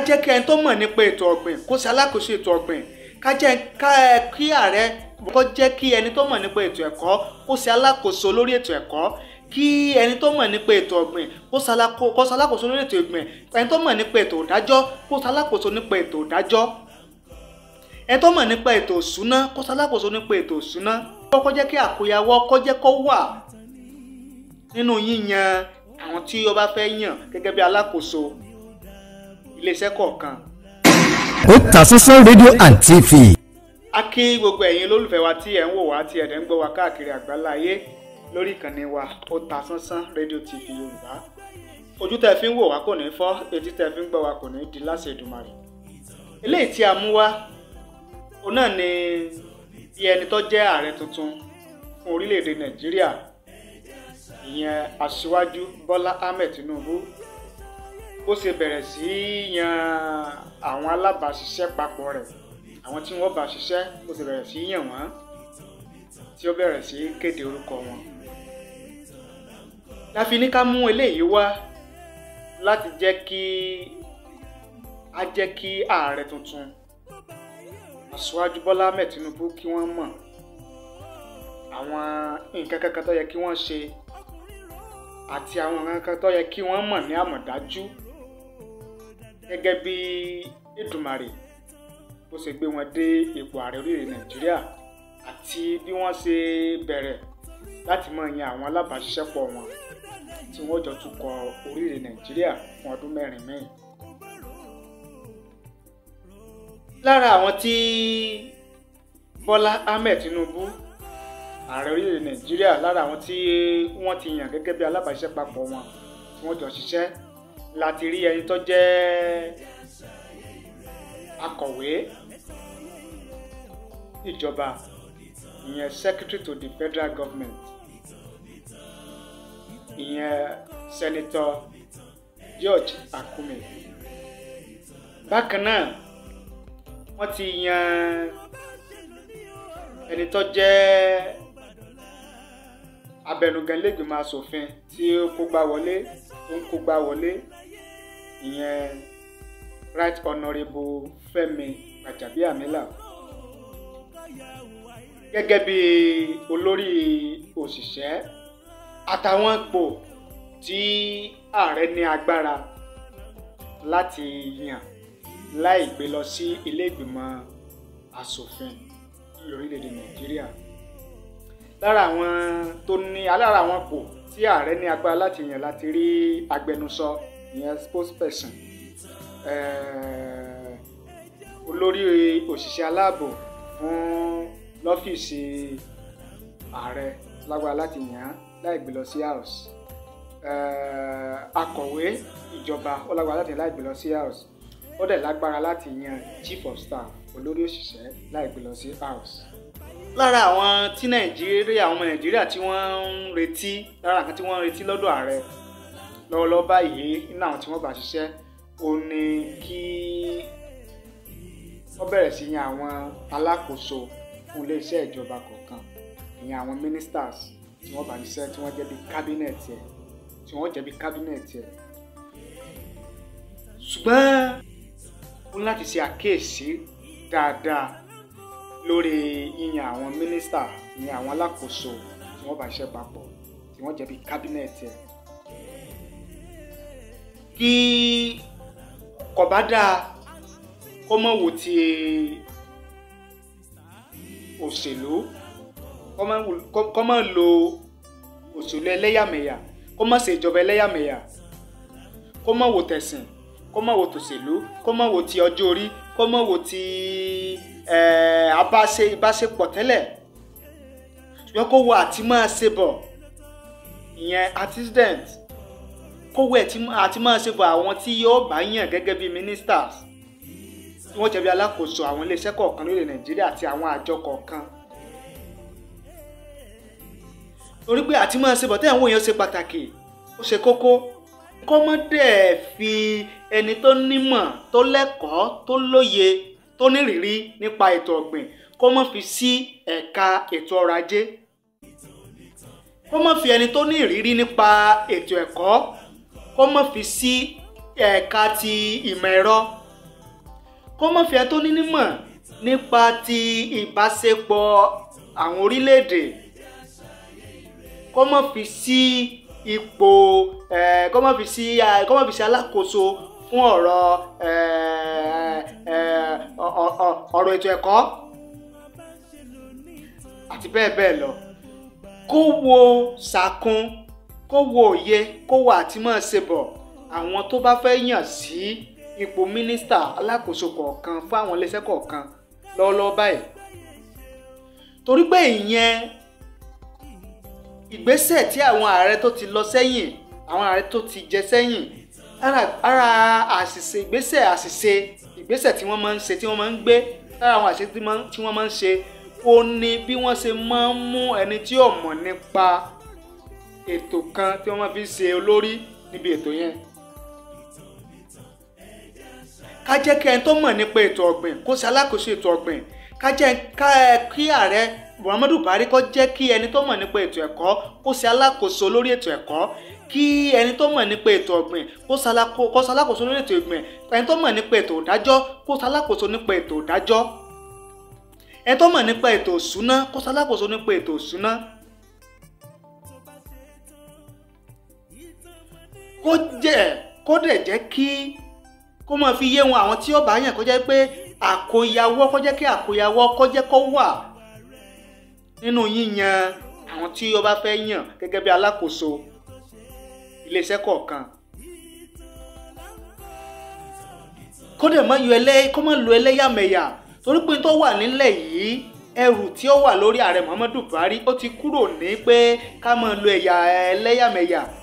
ká jẹ́ kí ẹni tó mọ̀ nípa ètò ọ̀gbìn kó ṣe alákòóso ètò ọ̀gbìn ká jẹ́ kí ààrẹ kó jẹ́ kí ẹni tó mọ̀ nípa ètò ẹ̀kọ́ kó ṣe alákòóso lórí ètò ẹ̀kọ́ kí ẹni tó mọ̀ nípa ètò ọ̀gbìn kó ṣe alákòóso lórí ètò ọ̀gbìn ẹni tó mọ̀ nípa ètò ìdájọ́ kó ṣe alákòóso nípa ètò ìdájọ́ ẹni tó mọ̀ nípa ètò ìṣúná kó ṣe alákòóso nípa ètò ìṣúná kó jẹ́ kí àkóyawọ́ kó jẹ́ kó wà nínú yíyan àwọn tí ó bá fẹ́ yàn gẹ́gẹ́ bí alákòóso iléeṣẹ́ kọ̀ọ̀kan. Otasansan rédíò and TV. a kí gbogbo ẹ̀yin olólùfẹ́ wa tí ẹ̀ ń wò wá tí ẹ̀ ń gbọ́ wa káàkiri àgbáláyé lórí ìkànnì wa Otasansan rédíò TV Yorùbá ojú tẹ́ fi ń wò wá kò ní fọ́ etí tẹ́ fi ń gbọ́ wa kò ní di láṣẹ Èdùmàrè eléyìí tí a mú wá òun náà ni bí ẹni tó jẹ́ ààrẹ tuntun fún orílẹ̀-èdè Nàìjíríà ìyẹn aṣíwájú Bọ́lá Ahmed Tinubu bó ṣe bẹ̀rẹ̀ sí í yan àwọn alábàáṣiṣẹ́ papọ̀ rẹ̀ àwọn tí wọ́n bá ṣiṣẹ́ bó ṣe bẹ̀rẹ̀ sí í yàn wọ́n tí ó bẹ̀rẹ̀ sí í kéde orúkọ wọn. la fi ní ká mú eléyìí wá láti jẹ́ kí a jẹ́ kí ààrẹ tuntun Aṣíwájú Bọ́lá Ahmed Tinubu kí wọ́n mọ̀ àwọn nǹkan kankan tó yẹ kí wọ́n ṣe àti àwọn nǹkan kan tó yẹ kí wọ́n mọ̀ ní àmọ̀dájú gẹ́gẹ́ bí Èdùmàrè bó ṣe gbé wọn dé ipò ààrẹ orílẹ̀ Nàìjíríà àti bí wọ́n ṣe bẹ̀rẹ̀ láti máa yan àwọn alábàáṣiṣẹ́pọ̀ wọn tí wọ́n jọ tukọ̀ orílẹ̀ Nàìjíríà fún ọdún mẹ́rin míì. lára àwọn tí Bọ́lá Ahmed Tinubu ààrẹ orílẹ̀ Nàìjíríà lára àwọn tí wọ́n ti yàn gẹ́gẹ́ bí alábàáṣiṣẹ́ papọ̀ wọn tí wọ́n jọ ṣiṣẹ́ láti rí ẹni tó jẹ́ akọ̀wé ìjọba ìyẹn secretary to the federal government ìyẹn senator George Akume bákan náà wọ́n ti yan ẹni tó jẹ́ abẹnugan lẹ́gbẹ̀mọ asòfin tí ó kógbá wọlé ó ń kógbá wọlé ìyẹn right honourable Fẹ́mi Gbajabiamila gẹ́gẹ́ bí olórí òṣìṣẹ́ àtàwọn ipò tí ààrẹ ní agbára láti yàn láì gbé lọ sí ilé ìgbìmọ̀ asòfin lórílẹ̀‐èdè nàìjíríà lára àwọn tó ní alára àwọn ipò tí ààrẹ ní agbára láti yàn láti rí agbẹnusọ. So ìyẹn spokesperson eh, olórí òṣìṣẹ́ aláàbò fún lọ́fíìsì ààrẹ lágbára láti yàn án láì gbé lọ sí house eh, akọ̀wé ìjọba ó lágbára láti yàn láì gbé lọ sí house ó dẹ̀ lágbára láti yan chief of staff olórí òṣìṣẹ́ láì gbé lọ sí house lára àwọn tí nàìjíríà ọmọ nàìjíríà tí wọ́n ń retí lára nǹkan tí wọ́n ń retí lọ́dọ̀ ààrẹ lọ́wọ́lọ́wọ́ báyìí nínú àwọn tí wọ́n bá ń ṣiṣẹ́ ó ní kí wọ́n bẹ̀rẹ̀ sí yan àwọn alákòóso fún iléeṣẹ́ ìjọba kọ̀ọ̀kan ìyẹn àwọn ministers tí wọ́n bá ṣiṣẹ́ tí wọ́n jẹ́ bí cabinet ẹ̀ tí wọ́n jẹ́ bí cabinet ẹ̀ ṣùgbọ́n ó ní láti ṣe àkíyèsí dáadáa lórí yíyan àwọn mínísítà ìyẹn àwọn alákòóso tí wọ́n bá ṣe papọ̀ tí wọ́n jẹ́ bí kábínẹ̀tì ẹ̀ bí kò bá dáa kó mọ̀ wò ti òṣèlú kó mọ̀ lo òṣèlú ẹlẹ́yàmẹ̀yà kó mọ̀ ṣe ìjọba ẹlẹ́yàmẹ̀yà kó mọ̀ wò tẹ̀sìn kó mọ̀ wò tòṣèlú kó mọ̀ wò ti ọjọ́ orí kó mọ̀ wò ti abáṣe ìbáṣepọ̀ tẹ́lẹ̀ ṣùgbọ́n kó wo àti máa ṣe bọ̀ ìyẹn accident kówó ẹ̀ àti máa ṣe bọ̀ àwọn tí yóò bá yàn gẹ́gẹ́ bí ministers tí wọ́n jẹ́ bí alákòóso àwọn iléeṣẹ́ kọ̀ọ̀kan lórílẹ̀ nàìjíríà àti àwọn àjọ kọ̀ọ̀kan torí pé àti máa ṣe bọ̀ tẹ́ẹ̀ ń wò yẹn ṣe pàtàkì ó ṣe kókó kọ́mọdé fi ẹni tó nímọ̀ tó lẹ́kọ̀ọ́ tó lóye tó nírìírí nípa ètò ọ̀gbìn kó má fi sí ẹ̀ka ètò ọrọ̀ ajé kó má fi ẹni tó ní ìrírí nípa ètò ẹ̀kọ́ kó mọ̀ fi sí ẹ̀ka ti ìmọ̀ ẹ̀rọ kó mọ̀ fi ẹ tó ní nímọ̀ nípa ti ìbáṣepọ̀ àwọn orílẹ̀-èdè kó mọ̀ fi sí ipò kó mọ̀ fi sí kó mọ̀ fi sí alákòóso fún ọ̀rọ̀ ọ̀rọ̀ ètò ẹ̀kọ́ àti bẹ́ẹ̀ bẹ́ẹ̀ lọ kó wo sàkún kó wo òye kó wo àti máa ṣe bọ̀ àwọn tó bá fẹ́ yàn sí ipò mínísítà alákòóso kọ̀ọ̀kan fún àwọn iléeṣẹ́ kọ̀ọ̀kan lọ́wọ́lọ́wọ́ báyìí torí pé ìyẹn ìgbésẹ̀ tí àwọn ààrẹ tó ti lọ sẹ́yìn àwọn ààrẹ tó ti jẹ sẹ́yìn ara àṣìṣe ìgbésẹ̀ àṣìṣe ìgbésẹ̀ tí wọ́n máa ń ṣe tí wọ́n máa ń gbé lára àwọn àṣìṣe tí wọ́n máa ń ṣe ó ní bí wọ́n ṣe máa ń mú ẹni tí ò mọ̀ nípa ètò kan tí wọ́n fi ṣe olórí níbi ètò yẹn ká jẹ́ kí ẹni tó mọ̀ nípa ètò ọ̀gbìn kó ṣe alákòóso ètò ọ̀gbìn ká jẹ́ kí ààrẹ Muhammadu Buhari kó jẹ́ kí ẹni tó mọ̀ nípa ètò ẹ̀kọ́ kó ṣe alákòóso lórí ètò ẹ̀kọ́ kí ẹni tó mọ̀ nípa ètò ọ̀gbìn kó ṣe alákòóso lórí ètò ọ̀gbìn ẹni tó mọ̀ nípa ètò ìdájọ́ kó ṣe alákòóso nípa ètò ìdájọ́ ẹni tó mọ̀ nípa ètò ìṣúná kó ṣe alákòóso nípa ètò ìṣúná kó jẹ́ kó dẹ̀ jẹ́ kí kó máa fi yé wọn àwọn tí ó bá yàn kó jẹ́ pé àkóyawọ́ kó jẹ́ kí àkóyawọ́ kó jẹ́ kó wà nínú yíyan àwọn tí ó bá fẹ́ yàn gẹ́gẹ́ bí alákòóso iléeṣẹ́ kọ̀ọ̀kan. kó dẹ̀ má yọ ẹlẹ́ kó má lo ẹlẹ́yàmẹ̀yà torí pé tó wà nílẹ̀ yìí ẹrù tí ó wà lórí ààrẹ Muhammadu Buhari ó ti kúrò ní pé ká máa lo ẹ̀yà ẹlẹ́yàmẹ̀yà. E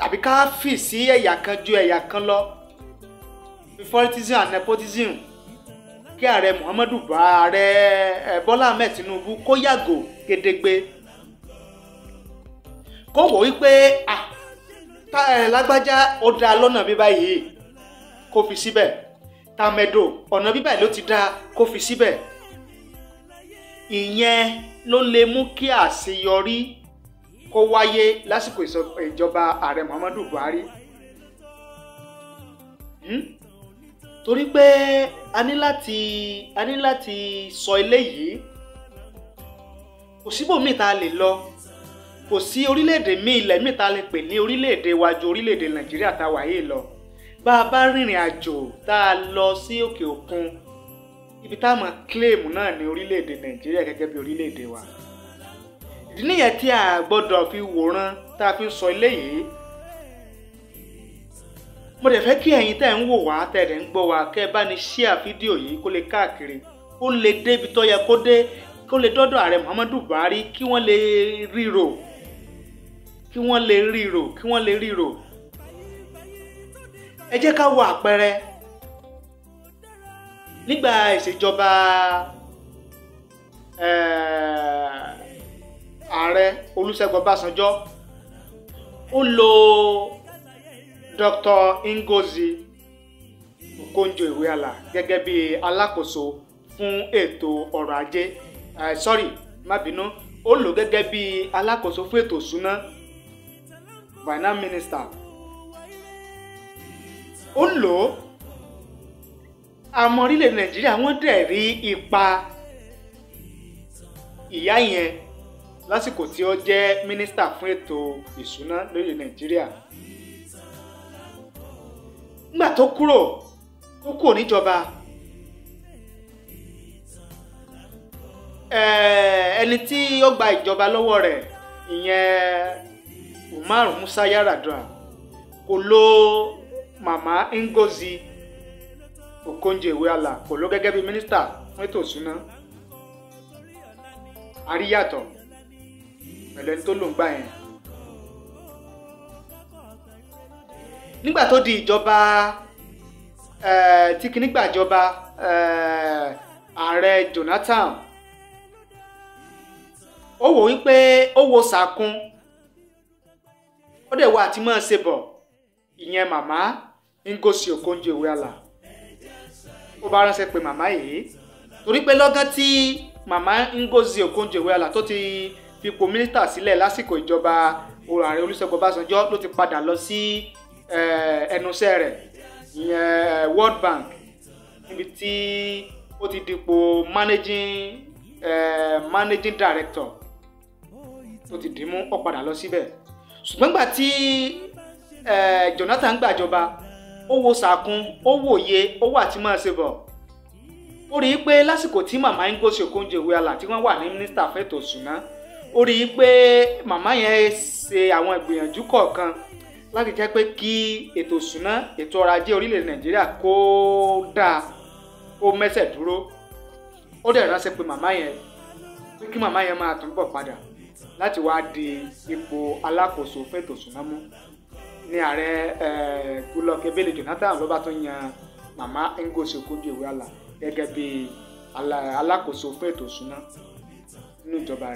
tàbí ká fì sí ẹ̀yà kan ju ẹ̀yà kan lọ favoritism and nepotism kí ààrẹ Muhammadu Buhari ààrẹ eh, Bọ́lá Ahmed Tinubu kó yàgò gedegbe kó wò wípé eh, lágbájá ó dáa lọ́nà bíbá yìí kó fi síbẹ̀ tàmẹ̀dò ọ̀nà bíbá yìí ló ti dáa kó fi síbẹ̀ ìyẹn ló lè mú kí àṣeyọrí kó wáyé lásìkò ìjọba ààrẹ Muhammadu Buhari hmm? torí pé a ní láti a ní láti sọ eléyìí kò síbòmíì tá a lè lọ kò sí orílẹ̀-èdè míì ilẹ̀ míì tá a lè pè ní orílẹ̀-èdè wa ju orílẹ̀-èdè Nàìjíríà tá a wà yìí lọ bá a bá rìnrìn àjò tá a lọ sí òkè òkun ibi tá a máa kílèmù náà ní orílẹ̀-èdè Nàìjíríà gẹ́gẹ́ bí orílẹ̀-èdè wa ìdí nìyẹn tí a gbọ́dọ̀ fi wòran tá a fi sọ eléyìí mo dẹ̀ fẹ́ kí ẹ̀yin tẹ́ ń wò wá tẹ́ ẹ̀ ń gbọ́ wá kẹ́ ẹ bá ní ṣíà fídíò yìí kó lè káàkiri kó lè débi tó yẹ kó dé kó lè dọ́dọ̀ ààrẹ Muhammadu Buhari kí wọ́n lè ríro kí wọ́n lè ríro kí wọ́n lè ríro ẹ jẹ́ ká wo àpẹẹrẹ nígbà ìṣèjọba ẹ̀ẹ́ ààrẹ olùṣègùn ọbásanjọ́ ó lo dr ngozi okonjo-iweala gẹ́gẹ́ bí alákòóso fún ètò ọrọ̀ ajé uh, sorry má bínú ó lò gẹ́gẹ́ bí alákòóso fún ètò ìṣúná finance minister ó lò ó àmọ́ orílẹ̀ nàìjíríà wọ́n dẹ̀ rí ipa ìyá yẹn lásìkò tí ó jẹ́ mínísítà fún ètò ìṣúná lóye nàìjíríà nígbà tó kúrò tó kúrò níjọba ẹni tí ó gba ìjọba lọ́wọ́ rẹ̀ ìyẹn Umar Musa Yar'Adua kò lo màmá Ngozi Okonjo-Iweala kò ló gẹ́gẹ́ bí mínísítà fún ètò ìṣúná àríyàtọ̀ pẹ̀lú ẹni tó lò ń gbà yẹn. tó di ìjọba tí kìíní gbàjọba ààrẹ Jonathan ó wò wípé ó wo sàkún ó dẹ̀ wo àti máa ṣe bọ̀ ìyẹn màmá Ngozi Okonjo-Iweala ó bá ránṣẹ́ pé màmá yìí torí pé lọ́gán tí màmá okonjo tó ti fipò mínísítà sílẹ̀ lásìkò ìjọba ààrẹ Olúṣẹ́gun Ọbásanjọ́ ló ti padà lọ sí ẹnuṣẹ́ rẹ̀ ìyẹn World Bank níbi tí ó ti dipò managing managing director ó ti dìímú ó padà lọ síbẹ̀ ṣùgbọ́n gbà tí Jonathan gbàjọba ó wo sàkún ó wòye ó wà tí máa ṣe bọ̀ ó rí i pé lásìkò tí màmá Ngozi Okonjo-Iweala tí wọ́n wà ní mínísítà fẹ́tò ṣùgbọ́n ó rí i pé màmá yẹn ṣe àwọn ìgbìyànjú kọ̀ọ̀kan láti jẹ́ pé kí ètò ìṣúná ètò ọrọ̀ ajé orílẹ̀ nàìjíríà kó dáa kó mẹ́sẹ̀ dúró ó dẹ̀ ránṣẹ́ pé màmá yẹn pé kí màmá yẹn máa padà láti wá di ipò alákòóso fún ètò mú ní eh, Jonathan ló bá tún yan màmá alákòóso fún ètò nínú ìjọba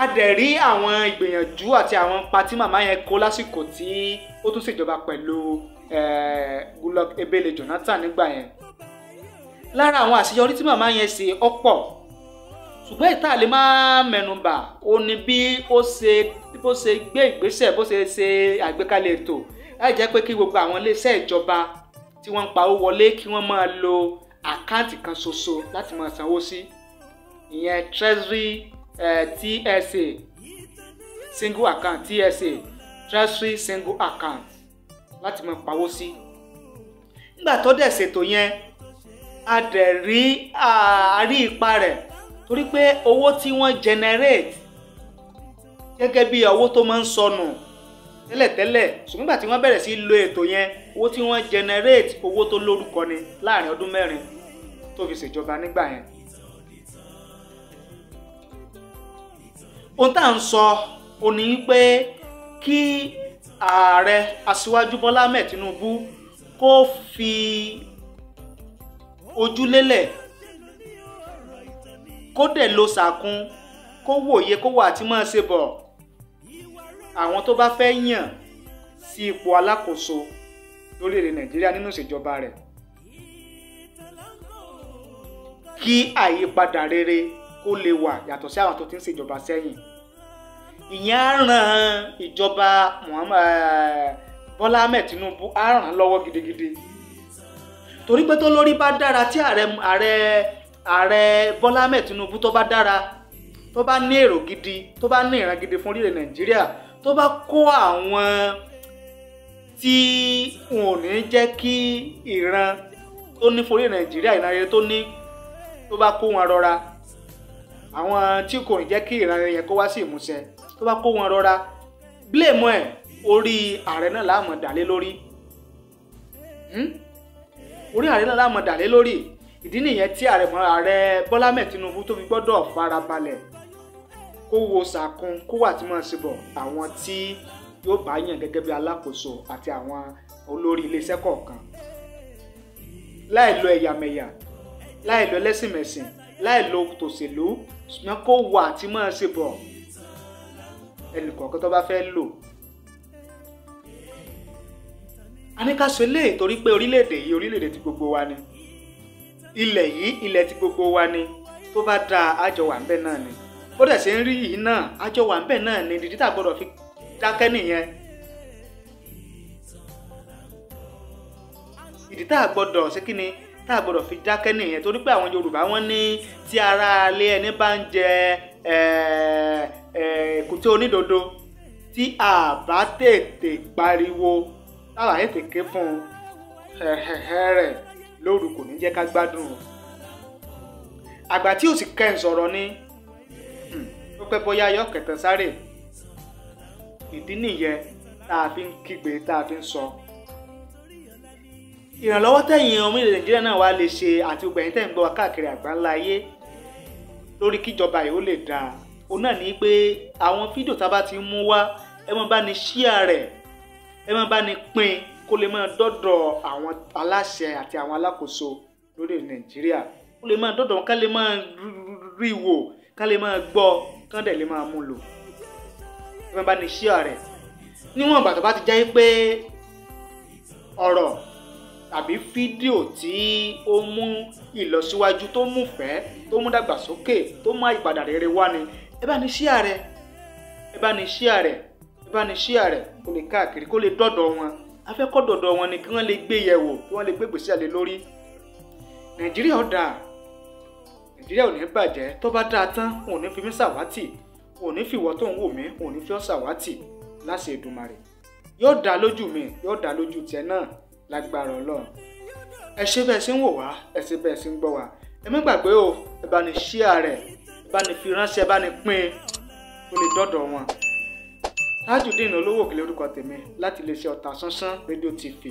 a dẹ̀ rí àwọn ìgbìyànjú àti àwọn ipa tí màmá yẹn kó lásìkò tí ó tún ṣèjọba pẹ̀lú Goodluck Ebele Jonathan nígbà yẹn lára àwọn àṣeyọrí tí màmá yẹn ṣe ọ̀pọ̀ ṣùgbọ́n ìta lè má mẹ́nubà ó ní bí ó ṣe bó ṣe gbé ìgbésẹ̀ bó ṣe ṣe àgbékalẹ̀ ètò láì jẹ́ pé kí gbogbo àwọn iléeṣẹ́ ìjọba tí wọ́n ń pawó wọlé kí wọ́n máa lo àkáǹtì kan ṣoṣo láti máa sanwó sí ìyẹn treasury TSA single account TSA treasury single account láti mọ pawó sí nígbà tó dẹ̀ ṣètò yẹn a dẹ̀ rí àárí ipa rẹ̀ torí pé owó tí wọ́n generate gẹ́gẹ́ bí owó tó máa ń sọnù tẹ́lẹ̀tẹ́lẹ̀ ṣùgbọ́n nígbà tí wọ́n bẹ̀rẹ̀ sí lo ètò yẹn owó tí wọ́n generate owó tó lórúkọ ni láàrin ọdún mẹ́rin tó fi ṣèjọba nígbà yẹn ohun tá à ń sọ ò ní pé kí ààrẹ aṣíwájú bọ́lá ahmed tinubu kó fi ojúlélẹ̀ kó dẹ̀ lo sàkún kó wòye kó wà tí máa ṣe bọ̀ àwọn tó bá fẹ́ yàn sí ipò alákòóso lórílẹ̀ nàìjíríà nínú ìṣèjọba rẹ̀ kí àyípadà rere kó lè wà yàtọ̀ sí àwọn tó ti ń ṣèjọba sẹ́yìn ìyẹn á ràn ìjọba eh, Bọ́lá Ahmed Tinubu á ràn án lọ́wọ́ gidigidi torí pé tó lórí bá dára tí ààrẹ ààrẹ ààrẹ Bọ́lá Ahmed Tinubu tó bá dára tó bá ní èrò gidi tó bá ní ìran gidi fún orílẹ̀ Nàìjíríà tó bá kó àwọn tí wọn ò ní jẹ́ kí ìran tó ní forí Nàìjíríà ìran tó ní tó bá kó wọn rọra àwọn tí kò ní jẹ́ kí ìran rere yẹn kó wá sí ìmúṣẹ tó bá kó wọn rọra blame ẹ̀ orí ààrẹ náà la máa dàlé lórí hmm? orí ààrẹ náà la máa dàlé lórí ìdí nìyẹn tí ààrẹ mọ ààrẹ Bọ́lá mẹ́ Tinubu tó fi gbọ́dọ̀ farabalẹ̀ kó wo sàkún kó wà tí mọ̀ sí bọ̀ àwọn tí yóò bá yàn gẹ́gẹ́ bí alákòóso àti àwọn olórí iléeṣẹ́ kọ̀ọ̀kan láì lo ẹ̀yàmẹ̀yà láì lo ẹlẹ́sìnmẹ̀sìn láì lo tòṣèlú ṣùgbọ́n kó wà tí máa ṣe bọ̀ ẹnìkọ̀ọ̀kan tó bá fẹ́ lò. a ní ká ṣe léè torí pé orílẹ̀-èdè yìí orílẹ̀-èdè ti gbogbo wa ni ilẹ̀ yìí ilẹ̀ ti gbogbo wa ni tó bá dáa àjọ wà ń bẹ̀ náà ni bó dẹ̀ ṣe ń rí yìí náà àjọ wà ń bẹ̀ náà ni dídí gbọ́dọ̀ fi dákẹ́ nìyẹn ìdí gbọ́dọ̀ ṣe kí ni tá a gbọ́dọ̀ fi dákẹ́ nìyẹn torí pé àwọn Yorùbá wọn ní tí ara alẹ́ ẹni bá ń jẹ èkúté onídodo tí a bá tètè pariwo táwa yẹn tèké fún rẹ̀ lóru kò ní jẹ́ ká gbádùn àgbà tí ò sì kẹ́hìn sọ̀rọ̀ ni hmm, ó pẹ́ bóyá yọ kẹtàn sáré ìdí nìyẹn tá a fi ń kígbe tá a fi ń sọ. So ìrànlọ́wọ́ tẹ̀yìn ọmọ ilẹ̀ nàìjíríà náà wá lè ṣe àti gbogbo ẹ̀yin tẹ̀ ń gbọ́ wa káàkiri àgbáńlá ayé lórí kíjọba yìí ó lè dáa òun náà ní pé àwọn fídíò tá a bá ti mú wá ẹ máa bá ní ṣíà rẹ̀ ẹ máa bá ní pín kó lè máa dọ́dọ̀ àwọn aláṣẹ àti àwọn alákòóso lórí nàìjíríà kó lè máa dọ́dọ̀ ká lè máa rí wò ká lè máa gbọ́ ká dẹ̀ lè máa mú lò ẹ máa bá ní ṣíà rẹ̀ níwọ̀n ọ̀rọ̀ àbí fídíò tí ó mú ìlọsíwájú tó mú fẹ́ tó mú dàgbàsókè tó mú àyípadà rere wá ni ẹ bá ní ṣíà rẹ ẹ bá ní ṣíà rẹ ẹ bá ní ṣíà rẹ kó lè káàkiri kó lè dọ̀dọ̀ wọn afẹ́kọ́ dọ̀dọ̀ wọn ni kí wọ́n lè gbé yẹ̀wò kí wọ́n lè gbé gbèsè àlè lórí nàìjíríà ọ̀dà nàìjíríà ò ní bàjẹ́ tó bá dáa tán òun ní fi mí ṣàwátì òun ní fìwọ́ tó ń wò mí òun ní fi ọ́ ṣàwátì láṣẹ Èdùmàrè yóò dá lójú mi yóò dá lójú tiẹ̀ náà lágbára ọlọ́run ẹ ṣe bẹ́ẹ̀ ṣe ń wò wá ẹ ṣe bẹ́ẹ̀ ṣe ń gbọ́ wá ẹ má gbàgbé o ẹ bá ní ṣíà rẹ̀ ẹ bá ní fi ránṣẹ́ ẹ bá ní pín in ó lè dọ́dọ̀ wọn. Tajudeen olówó òkèlè orúkọ tèmi láti iléeṣẹ́ Ọ̀tà Sánsán rédíò TV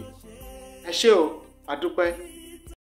ẹ ṣé o àdúpẹ́.